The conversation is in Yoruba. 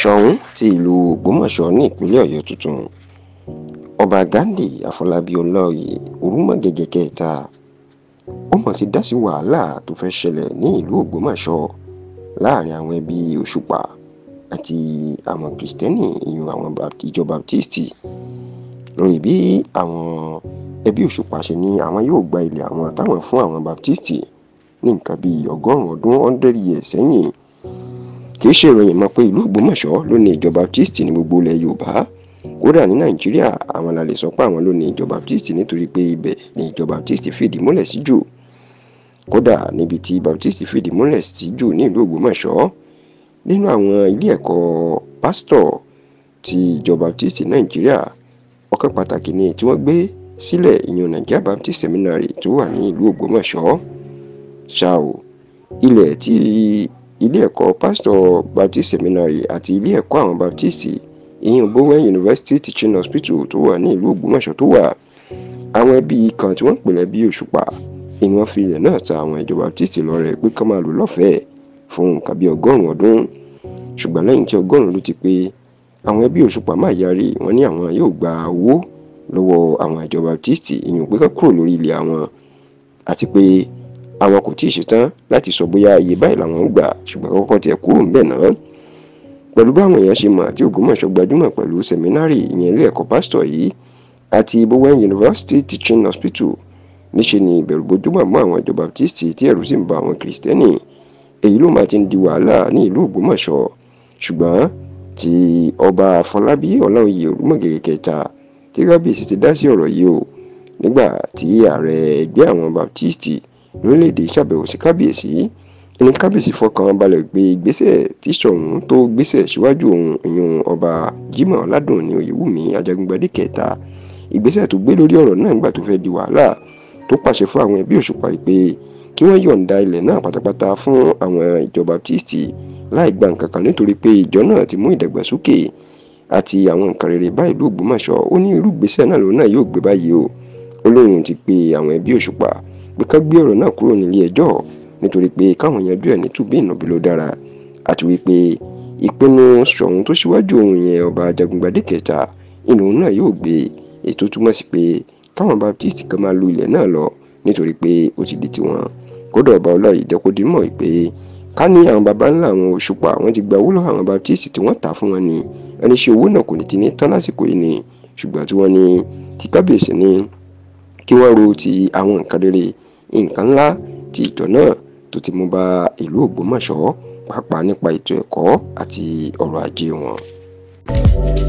ṣọ̀ún ti ìlú ògbómọ̀ṣọ́ ní ìpínlẹ̀ ọ̀yọ́ tuntun ọba gandhi àfọlábí ọlọ́ọ̀yè òrùmọ̀gẹ̀gẹ̀ kẹta ó mọ̀ ti dá sí wàhálà tó fẹ́ ṣẹlẹ̀ ní ìlú ògbómọ̀ṣọ́ láàrin àwọn ẹbí òṣùpá àti àwọn kìrìsìtẹ́nì ìyún àwọn ìjọ baptisti lórí bí àwọn ẹbí òṣùpá ṣe ní àwọn yóò gba ilẹ̀ àwọn táwọn fún àwọn baptisti ní nǹkan bíi ọgọ́rùn-ún ọdún hundred years sẹ́yìn kì í ṣe ìròyìn mọ́ pé ìlú Ògbómọ̀ṣọ́ ló ní ìjọ Baptist ní gbogbo ilẹ̀ Yorùbá kódà ní Nàìjíríà àwọn la lè sọ pé àwọn ló ní ìjọ Baptist nítorí pé ibẹ̀ ni ìjọ Baptist fìdí múlẹ̀ sí jù kódà níbi tí Baptist fìdí múlẹ̀ sí jù ní ìlú Ògbómọ̀ṣọ́ nínú àwọn ilé ẹ̀kọ́ pásítọ̀ ti ìjọ Baptist Nàìjíríà ọ̀kan pàtàkì ni tí wọ́n gbé sílẹ̀ ìyẹn Nigeria Baptist Seminary tó wà ní ìlú Ògbómọ̀ṣọ́ ṣáò ilẹ̀ tí ilé ẹ̀kọ́ pásítọ̀ baptist seminary àti ilé ẹ̀kọ́ àwọn baptist ìyẹn bowen university teaching hospital tó wà ní ìlú ògbómọ̀ṣọ́ tó wà àwọn ẹbí kan tí wọ́n ń pè lẹ́bí òṣùpá ìwọ̀n fi ilẹ̀ náà ta àwọn ìjọ baptist lọ́rẹ pé ká máa lò lọ́fẹ̀ẹ́ fún nǹkan bíi ọgọ́rùn-ún ọdún ṣùgbọ́n lẹ́yìn tí ọgọ́rùn-ún ló ti pé àwọn ẹbí òṣùpá máa yarí wọ́n ní àwọn yóò gba owó lọ́wọ́ àwọn ìjọ baptist ìyẹn pé ká kúrò lórí ilẹ̀ àwọn àti pé àwọn kò tíì ṣetán láti sọ bóyá iye báyìí làwọn ń gbà ṣùgbọ́n kọ́kọ́ tiẹ̀ kúrò ńbẹ̀ náà pẹ̀lú báwọn èèyàn ṣe mọ̀ àti Ògbómọ̀ṣọ́ gbajúmọ̀ pẹ̀lú sẹ̀mínárì ìyẹn ilé ẹ̀kọ́ pásítọ̀ yìí àti Bowen University Teaching Hospital níṣe ni ìbẹ̀rù bójúmọ̀ mọ́ àwọn ìjọ Baptisti tí ẹ̀rù sì ń ba àwọn Kìrìsìtẹ́nì èyí ló máa ti ń di wàhálà ní ìlú Ògbómọ̀ṣọ́ ṣùgbọ́n ti ọba Afọlábí Ọláoyè Olúmọ̀gèrè kẹta tí kábíyèsí ti dá sí ọ̀rọ̀ yìí o nígbà tí ààrẹ ẹgbẹ́ àwọn Baptisti lórílẹ̀‐èdè ṣàbẹ̀wò sí kábíyèsí ẹni kábíyèsí fọkàn balẹ̀ pé ìgbésẹ̀ tí ṣọ̀ún tó gbésẹ̀ síwájú òun ìyún ọba Jimoh Ọládùn ní Oyèwùmí Ajagungbadé kẹta ìgbésẹ̀ tó gbé lórí ọ̀rọ̀ náà nígbà tó fẹ́ di wàhálà tó pàṣẹ fún àwọn ẹbí òṣùpá pé kí wọ́n yọ̀ǹda ilẹ̀ náà pátápátá fún àwọn ìjọ Baptisti láì gba nǹkan kan nítorí pé ìjọ náà ti mú ìdàgbàsókè àti àwọn nǹkan rere bá ìlú Ògbómọ̀ṣọ́ ó ní irú ìgbésẹ̀ náà lòun náà yóò gbé báyìí o ó ti pe àwọn ẹbí òṣùpá pé ká gbé ọ̀rọ̀ náà kúrò nílé ẹjọ́ nítorí pé káwọn yanjú ẹ̀ ní tùbí ìnàbí ló dára àti wípé ìpinnu Ṣọ̀ún tó ṣíwájú òun yẹn ọba Ajagungbadé kẹta inú náà yóò gbé ètò túmọ̀ sí pé káwọn Baptist kan máa lu ilẹ̀ náà lọ nítorí pé ó ti di tiwọn kódà ọba Ọláìyídé kò dì mọ̀ pé ká ní àwọn baba ńlá àwọn Òṣùpá àwọn ti gba owó lọ́wọ́ àwọn Baptist tí wọ́n tà fún wọn ni ẹni ṣe owó náà kò ní ti ní tán lásìkò yìí ni ṣùgbọ́n tí wọ́n ní ti kábíyèsí ní kí wọ́n ro ti àwọn nǹkan rere nǹkan ńlá tí ìjọ náà tó ti mú bá ìlú Ògbómọ̀ṣọ́ pàápàá nípa ètò ẹ̀kọ́ àti ọrọ̀ ajé wọn. thank you